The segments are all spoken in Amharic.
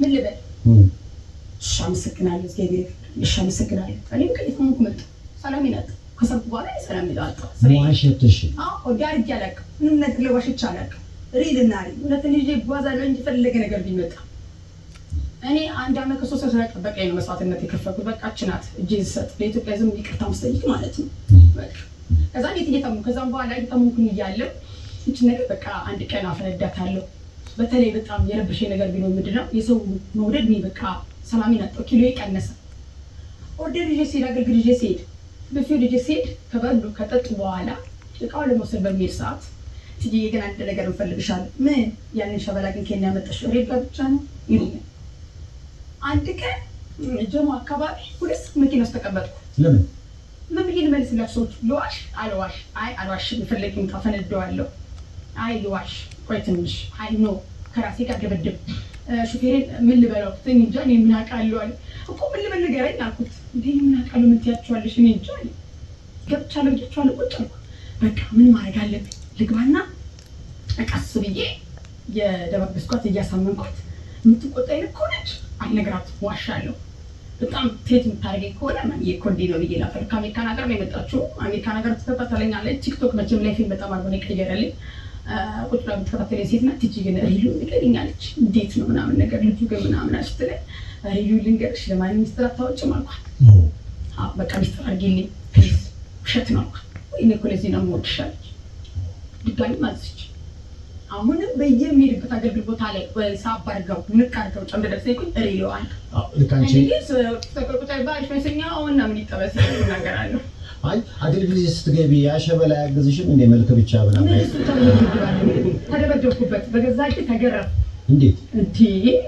ምን ልበል? እሺ አመሰግናለሁ እግዚአብሔር። እሺ አመሰግናለሁ። እኔም ከየትሆንኩ መጣ ሰላም ይላል። ከሰርኩ በኋላ ሰላም ይላል። አላውቅም። ምንም ነገር ላይ አላውቅም። ሪል እና ሪል እውነትን ይዤ እጓዛለሁ እንጂ ፈለገ ነገር ቢመጣ እኔ አንድ አመት ከሶስት ስለጠበቀኝ ነው መስዋዕትነት የከፈልኩት። በቃ ችናት እጅ ሰጥ ለኢትዮጵያ ዝም ይቅርታ መስጠይቅ ማለት ነው። ከዛ ቤት እየተሙ ከዛም በኋላ እየተሙኩን እያለም ይች ነገር በቃ አንድ ቀን አፈነዳታለሁ በተለይ በጣም የረብሽ ነገር ቢኖር ምንድን ነው የሰው መውደድ እኔ በቃ ሰላሜን አጣሁ። ኪሎ ቀነሰ። ኦርደር ልጄ ሲሄድ አገልግል ልጄ ሲሄድ በፊው ልጄ ሲሄድ ከበሉ ከጠጡ በኋላ እቃውን ለመውሰድ በሚሄድ ሰዓት ትዬ ግን አንድ ነገር እንፈልግሻለን። ምን ያንን ሸበላ ግን ኬንያ ያመጣሽው ሬድ ብቻ ነው ይሉኛል። አንድ ቀን ጀሞ አካባቢ ሁለት መኪና ውስጥ ተቀመጥኩ። ለምን ምን ብዬ ልመልስላቸው? ሰዎች ልዋሽ አልዋሽ? አይ አልዋሽ፣ ምጣ ፈነደዋለሁ። አይ ልዋሽ ቆይ ትንሽ አይ ኖ ከራሴ ጋር ገበደብ ሹፌሬን ምን ልበለው? እኔ እንጃ እኔ ምን አውቃለሁ አለ እኮ ምን ልበል ንገረኝ አልኩት። እንዴ ምን አውቃለሁ ምን ትያቸዋለሽ? እኔ እንጃ አለ ገብቻለሁ ብያቸዋለሁ። ቁጭ አልኩ። በቃ ምን ማድረግ አለብኝ? ልግባና ቀስ ብዬ የደባበስኳት እያሳመንኳት የምትቆጣኝ ልክ ሆነች አልነግራት ዋሻለሁ። በጣም ቴት የምታደርገኝ ከሆነ ማየ ነው ብዬ ላፈር። ከአሜሪካን ሀገር ነው የመጣችው። አሜሪካን ሀገር ትተታተለኛለች። ቲክቶክ መቼም ላይ በጣም አድርጎ የቀየረልኝ ቁጭ ብላ የምትከታተል ሴት ናት። ቲጂ ግን ሪሉ ንገሪኛለች እንዴት ነው ምናምን ነገር ልጁ ግን ምናምን አልሽት ላይ ሪሉ ልንገርሽ፣ ለማንም ሚስጥር አታወጭም አልኳት። በቃ ሚስጥር አድርጌልኝ ውሸት ነው አልኳት። እኔ እኮ ለዚህ ነው የምወድሽ አለች። ድጋሚ ማዘች። አሁንም በየሚሄድበት አገልግል ቦታ ላይ ሳብ አድርገው ንቅ አድርገው ጨምደ ደርሰ ይኩኝ ሪሉ አለ ልካንቺ ተቆጣይ መስኛ ሆና ምን ይጠበስ ይናገራለሁ አይ አድል ጊዜ ስትገቢ ያሸበላ ያገዝሽም እንደ መልክ ብቻ ብላ ተደበደብኩበት። በገዛ እጅ ተገረፍ እንዴት እንቲ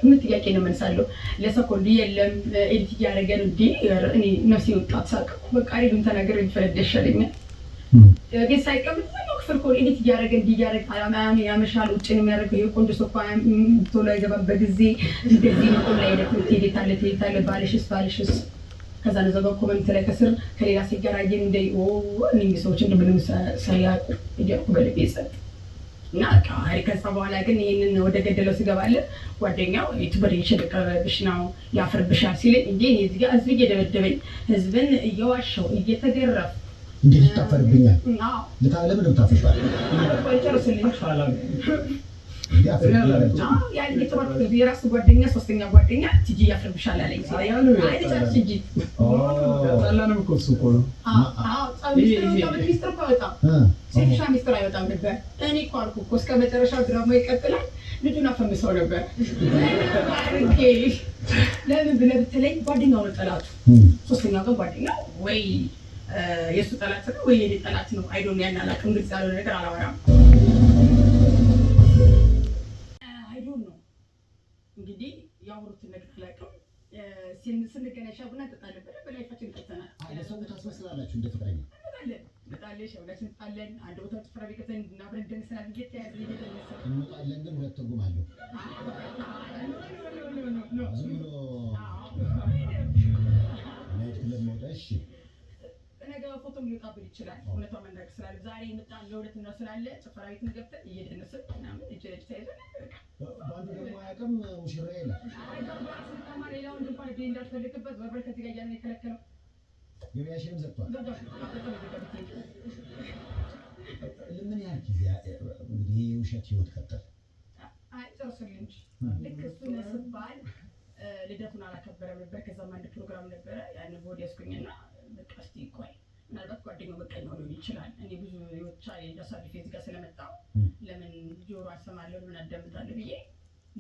ምን ጥያቄ ነው መልሳለሁ። ለሰኮንድ የለም ኤዲት እያደረገን እንዲ እኔ ነፍሴ ወጣት ሳቅኩ። በቃ ሬዱን ተናገር የሚፈለድ ይሻለኛል። ቤት ሳይቀም ክፍል ኮ ኤዲት እያደረገ እንዲ እያደረገ አላማያም ያመሻል። ውጭ ነው የሚያደርገው። የቆንጆ ሶፋ ቶሎ አይገባም። በጊዜ እንደዚህ ላይ ሄደ ትሄዴታለ ትሄዴታለ ባለሽስ ባለሽስ ከዛ ለዛ ኮመንት ላይ ከስር ከሌላ ሲገራየ እንደ እንግዲህ ሰዎች እንደምንም ሰላቁ እያልኩ በልብ ጸጥ እና ሪ ከዛ በኋላ ግን ይህንን ወደ ገደለው ስገባለ ጓደኛው ዩቱበር እየሸለቀብሽ ነው ያፍርብሻል ሲል እንጂ እዚህ ጋር ህዝብ እየደበደበኝ ህዝብን እየዋሸው እየተገረፍ እንዴት ይታፈርብኛል? ለምን ታፈሻል? ጨርስልኝ የራሱ ጓደኛ ሶስተኛ ጓደኛ ቲጂ ያፍርብሻል አለኝ። ሚስጥር አይወጣም ነበር። እኔ እኮ አልኩ እኮ እስከ መጨረሻው ድራማ ይቀጥላል። ልጁን አፈምሰው ነበር። ለምን ብለህ ብትለኝ ጓደኛው ነው ጠላቱ። ሶስተኛ ቀን ጓደኛው ወይ የእሱ ጠላት ነው ወይ የእኔ ጠላት ነው። አይዶን ያን አላውቅም። ግልጽ ያልሆነ ነገር አላወራም ያወሩት ነገር አላውቅም። ስንገናኝ ሻይ ቡና እንጠጣለን ብለን በላይፋችን ጠጥተናል። ለሰው ቦታ አስመስላላችሁ እንደ ፍቅረኛ እንጣለሽ ሁላችን እንጣለን። አንድ ቦታ ጭፈራ ቤት ገብተን አብረን እንደንሰናል። እየተያዝ እንወጣለን። ግን ሁለት ትርጉም አለው ዝም ብሎ ናይት እሺ ሊቀብል ይችላል። እውነቷን መንገር ስላለ ዛሬ የመጣ ለሁለት ነው ስላለ ጭፈራ ገብተን እየደነስን ምናምን እጅ ለእጅ ተያይዘን በአንዱ ደግሞ አያውቅም ሙሽራ የለም ጋር የከለከለው ገበያሽንም ዘግቷል። ምን ያህል ጊዜ እንግዲህ የውሸት ህይወት ቀጠል እንጂ ልክ እሱ ስባል ልደቱን አላከበረም ነበር። ከዛም አንድ ፕሮግራም ነበረ ያን ቦዲ ያስኩኝና በቃ እስኪ ይቆይ ምናልባት ጓደኛው ነው ሊሆን ይችላል። እኔ ብዙ ህይወት ቻሌንጅ አሳልፌ እዚህ ጋር ስለመጣሁ ለምን ጆሮ አሰማለሁ ምን አዳምጣለሁ ብዬ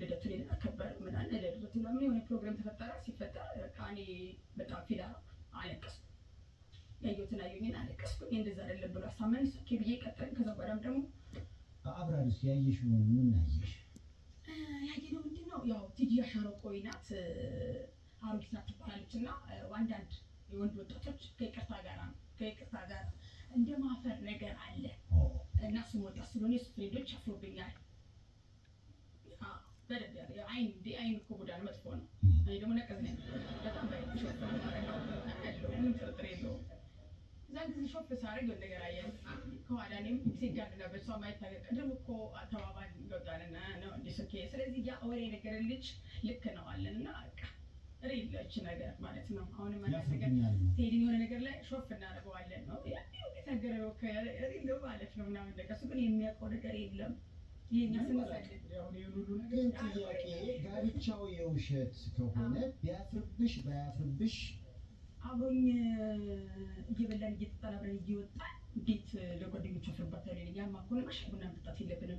ልደቱን አከበር ምናምን ልደቱ ለምን የሆነ ፕሮግራም ተፈጠረ። ሲፈጠር እኔ በጣም ፊዳ አለቀስኩ። ያየሁትን አየሁኝን አለቀስኩ። እንደዛ አይደለም ብሎ አሳመን ስኬ ብዬ ቀጠል። ከዛ በኋላም ደግሞ አብራሪስ ያየሽ ምን ያየሽ ያየነው ምንድን ነው? ያው ቲጂ አሻረቆይ ናት አሮጊት ናት ትባላለች። እና አንዳንድ የወንድ ወጣቶች ከይቅርታ ጋር ነው ከይቅርታ ጋር እንደ ማፈር ነገር አለ እና እሱም ስለሆነ የእሱ ፍሬንዶች አፍሮብኛል። አይን እኮ መጥፎ ነው። እኔ ደግሞ ነቀዝ ነኝ በጣም ምንም ጥርጥር የለውም። እዛን ጊዜ ሾፍ ነገር አየን። ከኋላ እኔም ቅድም እኮ ተባባል ይወጣልና ነው ስለዚህ ያ ወሬ ነገር ልጅ ልክ ነው አለን እና በቃ ሬዲዮች ነገር ማለት ነው። አሁን ማለት ነገር የሆነ ነገር ላይ ሾፍ እናደርገዋለን ነው የተገረው ሬዲዮ ማለት ነው ምናምን ነገር እሱ ግን የሚያውቀው ነገር የለም። ግን ጥያቄ ጋብቻው የውሸት ከሆነ ቢያፍርብሽ ባያፍርብሽ አሁን እየበላን እየተጠራረን እየወጣ እንዴት ለጓደኞቹ አፍርባታል? ያማ ከሆነ ቡና መጠጣት የለብንም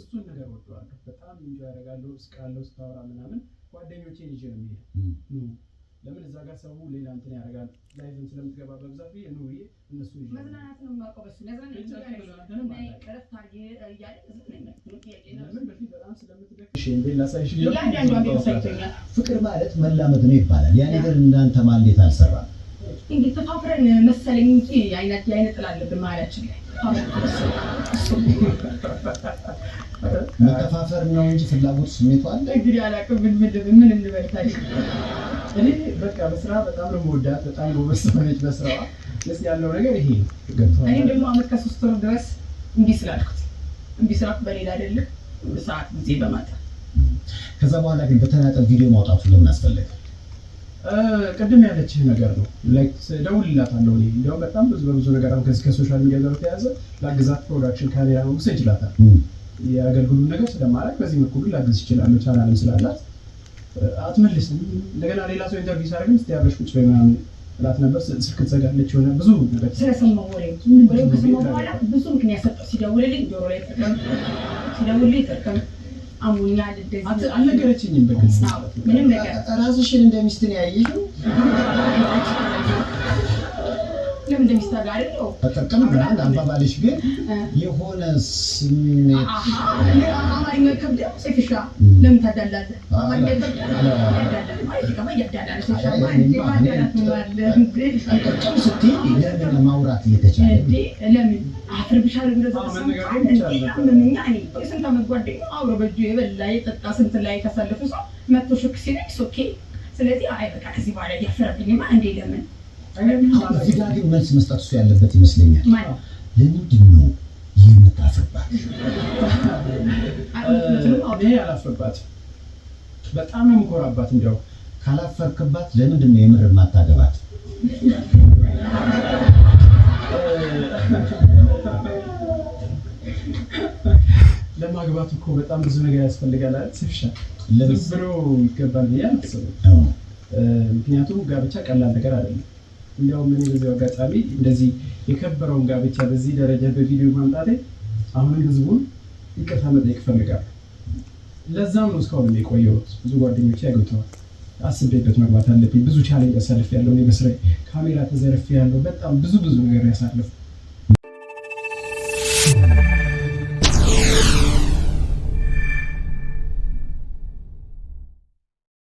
እሱን ነገር ወደዋለሁ። በጣም እንጆ ያደርጋለሁ። እስካለሁ ስታወራ ምናምን ጓደኞቼን ይዤ ነው የሚሄደው። ለምን እዛ ጋር ሰው ሌላ እንትን ያደርጋል። ላይቭን ስለምትገባ በብዛት ብዬ ነው ብዬ እነሱ ፍቅር ማለት መላመድ ነው ይባላል። ያ ነገር እንዳንተ ማሌት አልሰራም። እንግዲህ ተፋፍረን መሰለኝ እንጂ የአይነት ጥላለብን መሀላችን ላይ መከፋፈር ነው እንጂ ፍላጎት ስሜቱ አለ። እንግዲህ አላውቅም ምን ምን እንበልታል። እኔ በቃ በስራ በጣም ነው መወዳት፣ በጣም ጎበዝ ሆነች በስራዋ። ደስ ያለው ነገር ይሄ እኔ ደግሞ አመት ከሶስት ወር ድረስ እንዲህ ስላልኩት እንዲህ ስላልኩት በሌላ አይደለም ሰዓት ጊዜ በማጠር ከዛ በኋላ ግን በተናጠል ቪዲዮ ማውጣቱ ለምን አስፈለገ? ቅድም ያለችህ ነገር ነው። እደውልላታለሁ። እንዲያውም በጣም ብዙ በብዙ ነገር አሁን ከዚህ ከሶሻል ሚዲያ ጋር ተያዘ ላግዛት ፕሮዳክሽን ካሪያ መውሰ ይችላታል። የአገልግሉ ነገር ስለማላውቅ በዚህ መልኩ ግን ላግዝ ይችላለሁ። ቻናልም ስላላት አትመልስም። እንደገና ሌላ ሰው ኢንተርቪው ሲያደርግም ስ ያበሽ ቁጭ በይ ምናምን እላት ነበር። ስልክ ትዘጋለች። የሆነ ብዙ ነገር ስለሰማሁ ወሬ ብዙ ምክንያት ሰጠው። ሲደውልልኝ ጆሮ ላይ ጥቅም ሲደውልልኝ ጥቅም አሞኛል አልነገረችኝም። በግልጽ ምንም ነገር ራስሽን እንደሚስትን ያየሽው በጥቅም ብላል አባባልሽ ግን የሆነ ስሜት ጥቅም ስትይ ለምን በእጁ የበላ የጠጣ ስንት ላይ የተሰለፉ ሰው መቶ ሹክ ሲለኝ ሶኬ ስለዚህ አይ በቃ ከዚህ በኋላ ያፈረብኝማ እንዴ ለምን እዚህ ጋር ግን መልስ መስጠት እሱ ያለበት ይመስለኛል። ለምንድን ነው የምታፍርባት? አላፍርባት በጣም ነው የምኮራባት። እንዲያው ካላፈርክባት ለምንድን ነው የምር የማታገባት? ለማግባት እኮ በጣም ብዙ ነገር ያስፈልጋል። ብሎ ይገባል ብዬ አላስብም። ምክንያቱም ጋብቻ ቀላል ነገር አይደለም። እንዲያውም ምን በዚህ አጋጣሚ እንደዚህ የከበረውን ጋብቻ በዚህ ደረጃ በቪዲዮ ማምጣቴ አሁንም ህዝቡን ይቅርታ መጠየቅ እፈልጋለሁ። ለዛም ነው እስካሁን የቆየሁት። ብዙ ጓደኞች ያገብተዋል። አስቤበት መግባት አለብኝ። ብዙ ቻሌንጅ ያሳልፍ ያለው በስራ ካሜራ ተዘርፍ ያለው በጣም ብዙ ብዙ ነገር ያሳልፍ